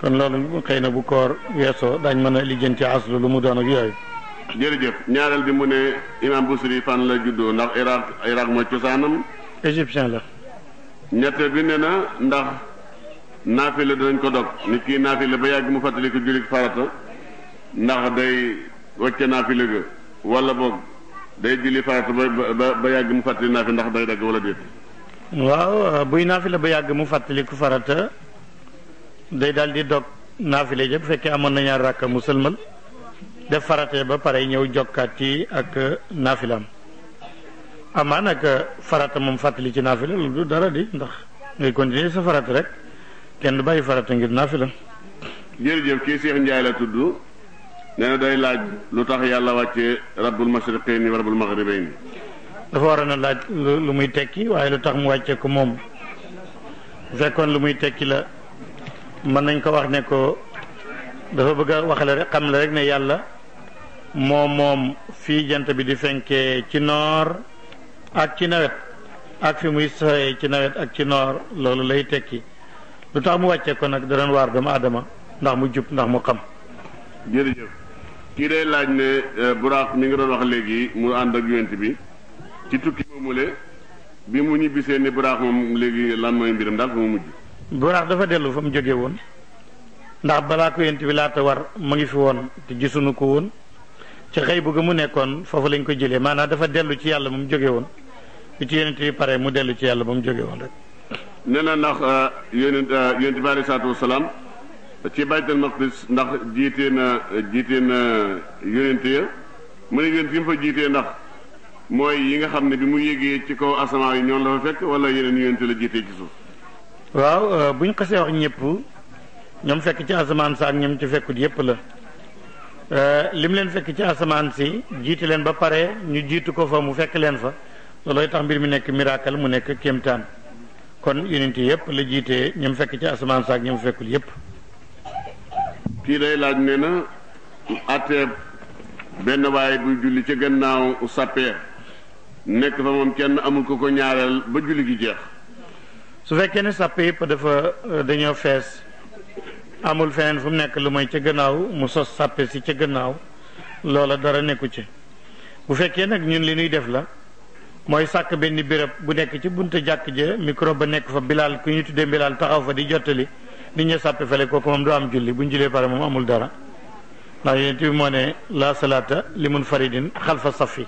kon loolu xëy na bu koor weesoo daañ mën a lijjanti aslu lu mu doon ak yooyu jërëjëf ñaareel bi mu ne imam Busiri fan la juddoo ndax Iraq Iraq mooy cosaanam égyptien la ñette bi ne na ndax naafila dinañ ko dog nit kii la ba yàgg mu fàttali ko jullit farata ndax day wacce naafila ga wala boog day julli farata ba ba yàgg mu fàttali naafi ndax day dagg wala déet waaw euh, buy naafila ba yàgg mu fàttaliku farata day daal di dog naafile jëpp fekkee amoon na ñaar rakka musalmal def farate ba pare ñëw jokkaat ci ak euh, naafilaam amaa nag euh, farata moom fàttali ci naafila lu du dara di ndax ngay continuer sa farata rek kenn du bàyyi farata ngir naafila jërëjëf kii Cheikh Ndiaye la tudd nee day laaj lu tax yàlla wàcce rabbul mashriqayni wa rabbul maghribayni dafa war a laaj lu muy tekki waaye lu tax mu wàcce ko moom bu fekkoon lu muy tekki la mën nañ ko wax ne ko dafa bëgg a waxale rek xam la rek ne yàlla moo moom fii jant bi di fenkee ci noor ak ci nawet ak fi muy soyee ci nawet ak ci noor loolu lay tekki lu tax mu wàcce ko nag danañ waar doomu aadama ndax mu jub ndax mu xam. jërëjëf kii day laaj ne euh, buraax mi nga doon wax léegi mu ànd ak yonent bi ci tukki moomule bi mu ñibbisee ni buraax moom léegi lan mooy mbiram daal fa mu mujj. buraax dafa dellu fa mu jóge woon ndax balaa ko yonent bi laata war ma ngi fi woon te gisuñu ko woon. ci xëy bu mu nekkoon foofu lañ ko jëlee maanaam dafa dellu ci yàlla moom jóge woon bi ci yonent bi pare mu dellu ci yàlla moom jógee woon rek. nee na ndax euh, yonent euh, yonent bi aleyhi salaatu wasalaam ci baytal maqdis ndax jiitee na jiitee na yonent ya mu ne yonent yi mu fa jiitee ndax mooy yi nga xam ne bi mu yégee ci kaw asamaan yi ñoom la fa fekk wala yeneen yonent la jiitee ci suuf. waaw euh, bu ñu xasee wax ñëpp ñoom fekk ci asamaan saak ñoom ci fekkut yëpp la. Euh, lim leen fekk ci asamaan si jiite leen ba pare ñu jiitu ko fa mu fekk leen fa loolooy tax mbir mi nekk miracle mu nekk kéemtaan kon yonent yépp la jiitee ñoom fekk ci asamaan saak ñoom fekkul yépp day laaj ne na àttee benn waaye buy julli ca gannaaw nekk fa moom kenn amul ko ko ñaareel ba julli gi jeex su fekkee ne sàppe yépp dafa euh, dañoo fees amul feneen fu mu nekk lu mooy ca gannaaw mu sos sàppe si ca gannaaw loola dara nekku ci bu fekkee nag ñun li nuy def la mooy sàkk benn béréb bu nekk ci bunt jàkk ja micro ba nekk fa bilaal ku ñu tuddee bilaal taxaw fa di jottali nit ñi sàppe fale kooku moom du am julli bu ñu jullee pare moom amul dara ndax yonent bi moo ne la salaata li mun faridin xalfa safi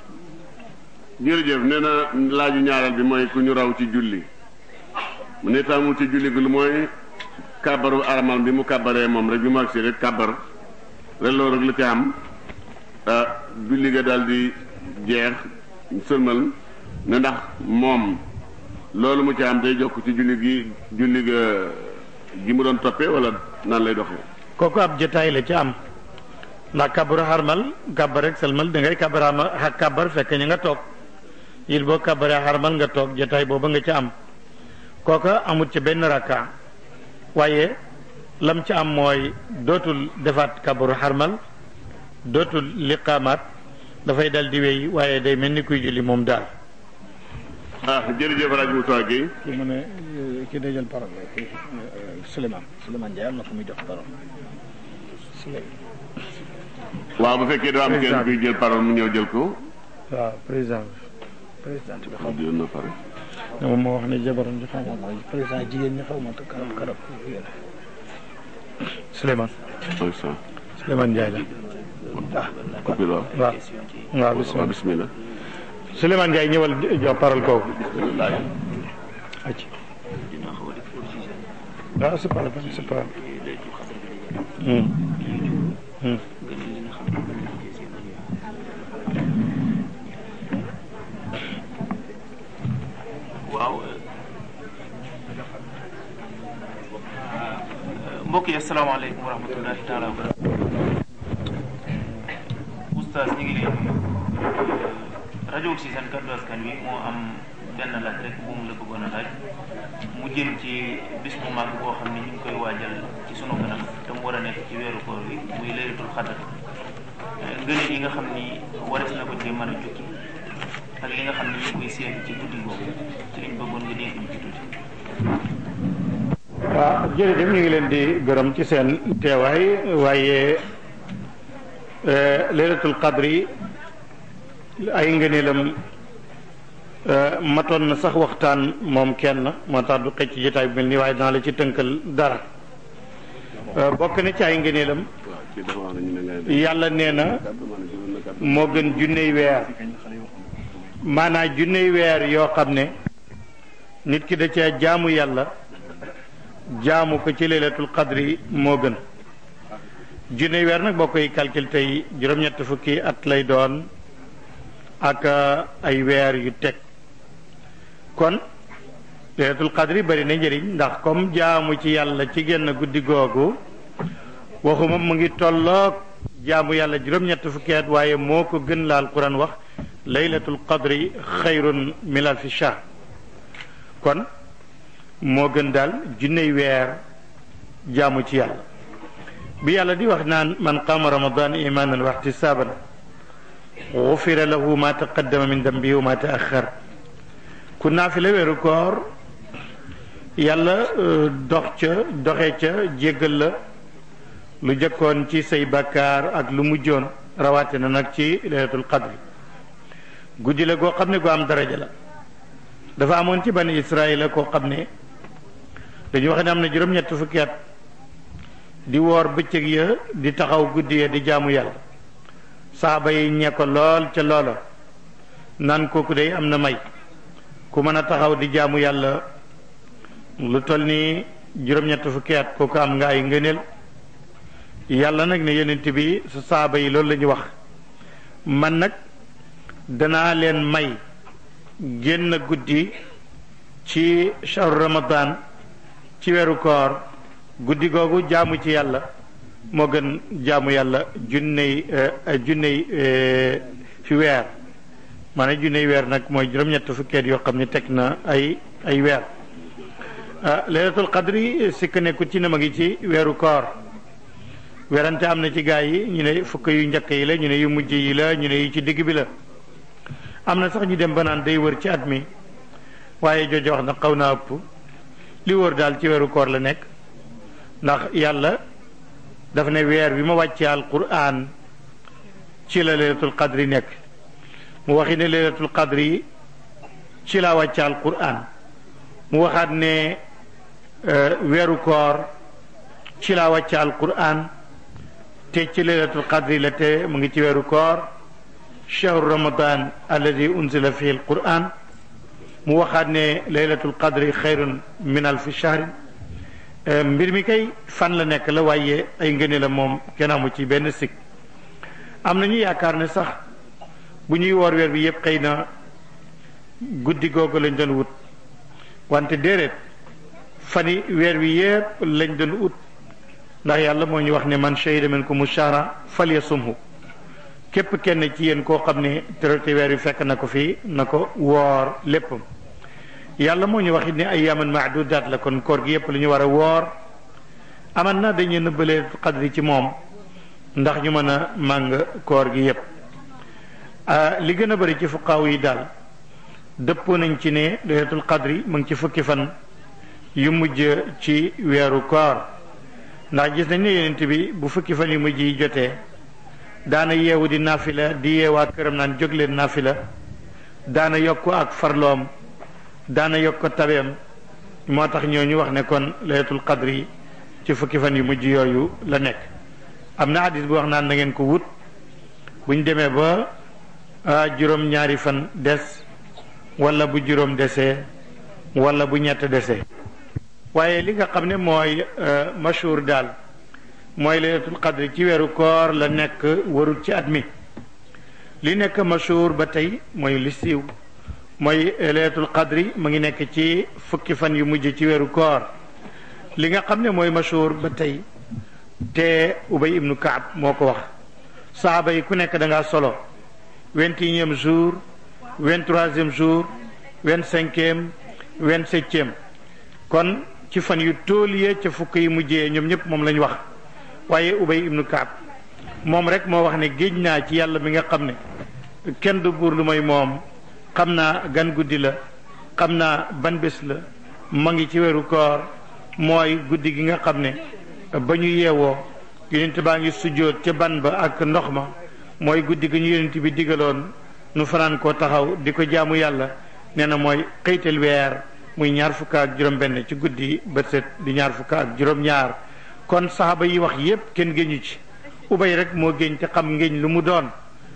jërëjëf nee na laaju ñaareel bi mooy ku ñu raw ci julli mu ne taamul ci julli gi lu kabaru aramal bi mu kabaree mom rek bi mu agsee rek kabar rek lo rek li ci am ah, julli ga daal di jeex seulmal na ndax mom loolu mu ci am day jokk ci julli gi julli ga gi mu don topé wala nan lay doxé koku ab jotaay la ci am na kabaru xarmal kabar rek sëlmal da ngay kabar hak kabar fek ñu nga tok il bo kabaree xarmal nga tok jotaay bobu nga ci am kooka amut ci ben rakkaa waaye lam ci am mooy dootul defaat kabaru xarmal dootul liqaamaat dafay dal di wéy waaye day mel ni kuy julli moom daal. ah jërëjëf rajo Moussa Gueye. kii mu eh, kii day jël parole kii eh, Souleymane Souleymane Ndiaye am na ko muy jox parole. waaw bu fekkee dafa am kenn kuy jël parole mu ñëw jël ko. waaw président bi ne moom moo wax ne jabaram ji xaw ma. président jigéen ñi la. ah waaw waaw bisimilah bisimilah. Souleymane Ndiaye ñëwal jox parole kooku. waaw ah, c'est pas hmm. Hmm. mbokk yi asalaamaaleykum wa rahmatulahi taala wa barakatu oustaz ñu ngi leen rajo si seen kàddu askan wi moo am benn laaj rek bu la ko a laaj mu jëm ci bis bu mag boo xam ni ñu ngi koy waajal ci sunu kanam te mu war a nekk ci weeru koor wi muy laylatul xadar ngëneel yi nga xam ni warees na ko ci mën a ak li nga xam ne ñu ngi koy seet ci guddi googu ci liñ bëggoon nga dégg ñu ci tuuti waaw jërëjëf ñu ngi leen di gërëm ci seen teewaay waaye euh, leelatul qadri ay ngëneelam euh, matoon na sax waxtaan moom kenn moo tax du xëcc jotaay bu mel nii waaye dinaa la ci tënkal dara euh, bokk na ci ay ngëneelam yàlla nee na moo gën junney weer maanaam junney weer yoo xam ne nit ki da cee jaamu yàlla jaamu ko ci lailatul qadr mo gën jinné weer nak boo koy calcul tay juroom ñett fukki at lay doon ak uh, ay weer yu tek kon lailatul qadr bari na jëriñ ndax kom jaamu ci yalla ci genn guddi gogu waxuma mu ngi tollok jaamu yalla juroom ñett fukki at waye moko gën la alquran wax lailatul qadr khairun min alfi kon moo gën daal junney weer jaamu ci yàlla bi yàlla di wax naan man qaama ramadan imanan wa ihtisaban gufira lahu ma taqaddama min dambihi wa ma taaxar ku naafila weeru koor yàlla dox ca doxe ca jéggal la lu jëkkoon ci say bakkaar ak lu mujjoon rawaate na nag ci laylatul qadri guddi la koo xam ne ko am daraja la dafa amoon ci bani israila koo xam ne dañu wax ne am na ñett fukki at di woor bëccëg ya di taxaw guddi ya di jaamu yalla saaba yi ñe ko ci ca nan ko ku day am may ku mëna taxaw di jaamu yalla lu toll ni juróom-ñett fukki at ko am nga ay ngeenel yalla nak ne yenen tibi su saaba yi lol lañu wax man nak dana len may genn guddi ci shahr ramadan ci weeru koor guddi googu jaamu ci yàlla moo gën jaamu yàlla junney eh, junney eh, fi weer maanaam junney weer nag mooy juróom-ñett fukkeet yoo xam ne teg na ay ay weer ah, laylatul qadri sikk nekkut ci ne ma ngi ci weeru koor werante am na ci gaa yi ñu ne fukk yu njëkk yi la ñu ne yu mujj yi la ñu ne yu ci digg bi la am na sax ñu dem ba naan day wër ci at mi waaye jooju wax na xaw naa ëpp li wóor daal ci weeru koor la nekk ndax yàlla dafa ne weer bi ma wàccee alquran ci la leelatul qadri nekk mu waxi ne leelatul qadri ci laa wàccee alquran mu waxaat ne euh, weeru koor ci laa wàccee alquran te ci leelatul qadri la te mu ngi ci weeru koor shahru ramadan alladi unzila fihi alquran mu waxaat ne laylatul qadri xayrun minal alfi shahrin eh, mbir mi kay fan la nekk la waaye ay ngëne la moom kenn amu ci benn sikk am nañu yaakaar ne sax bu ñuy woor weer bi yépp xëy na guddi googu lañ doon wut wante fan yi weer wi yépp lañ doon ut ndax yàlla moo ñu wax ne man shahida minkumu shahra falyasumhu képp kenn ci yéen koo xam ne traité weer yu fekk na ko fii na ko woor lépp yàlla moo ñu wax ni ay ayyaman maadudaat la kon koor gi yépp la ñu war a woor aman na dañuy nëbbalee xadri ci moom ndax ñu mën a màng koor gi yépp ah, li gën a bari ci fuqaaw yi daal dëppoo nañ ci ne laylatul qadri mu ngi ci fukki fan yu mujj ci weeru koor ndax gis nañ ne yonent bi bu fukki fan yu mujj yi jotee daana yeewu di naafila di yeewaa këram naan jóg leen naafila daana yokk ak farloom daana yokk tabeem moo tax ñoo ñu wax nekkoon kon laylatul qadri ci fukki fan yu mujj yooyu la nekk am na hadis bu wax naan na ngeen ko wut bu ñu demee ba juróom ñaari fan des wala bu juróom desee wala bu ñett desee waaye li nga xam ne mooy mashuur daal mooy laylatul qadri ci weeru koor la nekk warul ci at mi li nekk mashhuur ba tey mooy li siiw mooy laylatul qadri mu ngi nekk ci fukki fan yu mujj ci weeru koor li nga xam ne mooy mashhuur ba tey te ubay ibnu kaab moo ko wax saaba yi ku nekk da ngaa solo vingt et unième jour vingt troisième jour vingt cinquième vingt septième kon ci fan yu tóol yee ca fukk yi mujjee ñoom ñëpp moom lañ wax waaye ubay ibnu kaab moom rek moo wax ne géej naa ci yàlla bi nga xam ne kenn du buur lu mooy moom xam naa gan guddi la xam naa ban bés la ma ngi ci weeru koor mooy guddi gi nga xam ne ba ñu yeewoo yonent baa ngi sujjóot ca ban ba ak ndox ma mooy guddi gi ñu yonent bi digaloon nu fanaan koo taxaw di ko jaamu yàlla nee na mooy xëytal weer muy ñaar fukk ak juróom benn ci guddi bët set di ñaar fukk ak juróom ñaar kon sahaba yi wax yépp kenn géñu ci ubay rek moo géñ te xam ngéñ lu mu doon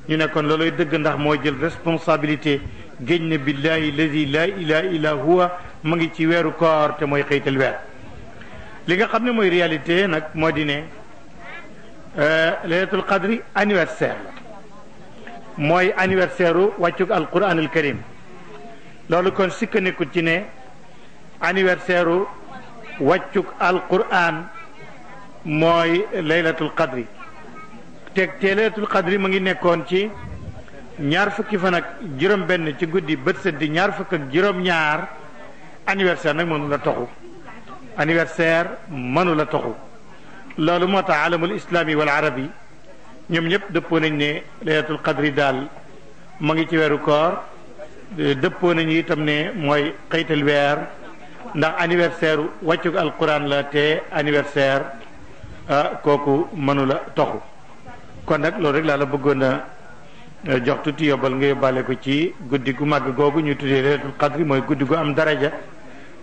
ñu ne kon looloy dëgg ndax moo jël responsabilité géñ ne billahi lazi la ilaha illa huwa ma ngi ci weeru koor te mooy xëytal weer li nga xam ne mooy réalité nag moo di ne laylatul qadri anniversaire la mooy anniversaire u wàccug alquran al karim loolu kon sikka nekkul ci ne anniversaire u wàccug alquran mooy laylatul qadri teg te laylatul qadri mu ngi ci ñaar fukki fan ak juróom benn ci guddi bët sët di ñaar fukk ak juróom ñaar anniversaire nag mënu la toxu anniversaire mënu la toxu loolu moo tax alamul islami wal arabi ñoom ñëpp dëppoo nañ ne laylatul qadri daal ma ngi ci weeru koor dëppoo nañu itam ne mooy xëytal weer ndax anniversaire wàccug alquran la te anniversaire ah kooku mënula toxu kon nak loolu rek la la bëggoon a jox tuti yobal nga yobale ko ci guddi gu mag gogu ñu tuddee retul qadri moy guddi gu am daraja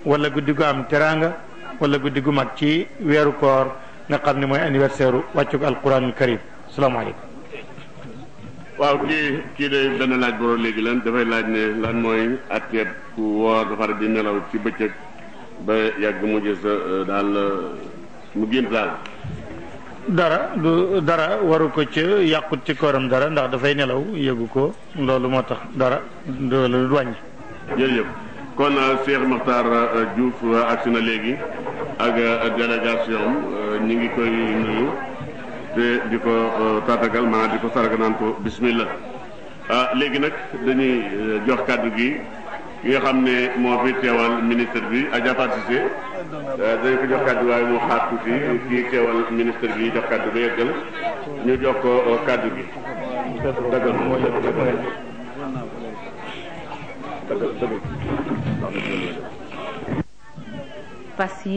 wala guddi gu am teranga wala guddi gu mag ci wéru koor nga xam ne anniversaire wàccug alquranul karim alaykum waaw ki ki day benn laaj bo léegi lan fay laaj ne lan moy atteet ku woor dafa di nelaw ci beccëk ba yàgg mujj sa euh, dal euh, mu gént laal dara du dara waru ko ci yàqut ci kooram dara ndax dafay nelaw yégu ko loolu moo tax dara loolu du wàññi. jërëjëf kon euh, Cheikh Makhtar euh, Diouf euh, agsi na léegi ak délégation ñi ngi koy nuyu te di ko tatagal maanaam di ko saraka naan ko bismillah ah, léegi nag dañuy jox kàddu gi ki nga xam ne moo fi teewal ministre bi ak Fatou Euh, dañ ko jox kàddu waaye mu xaar tuuti kii teewal ministre bi jox kàddu ba yeggal ñu jox ko euh, kàddu gi dëggal moo jot dëggal dëggal dëggal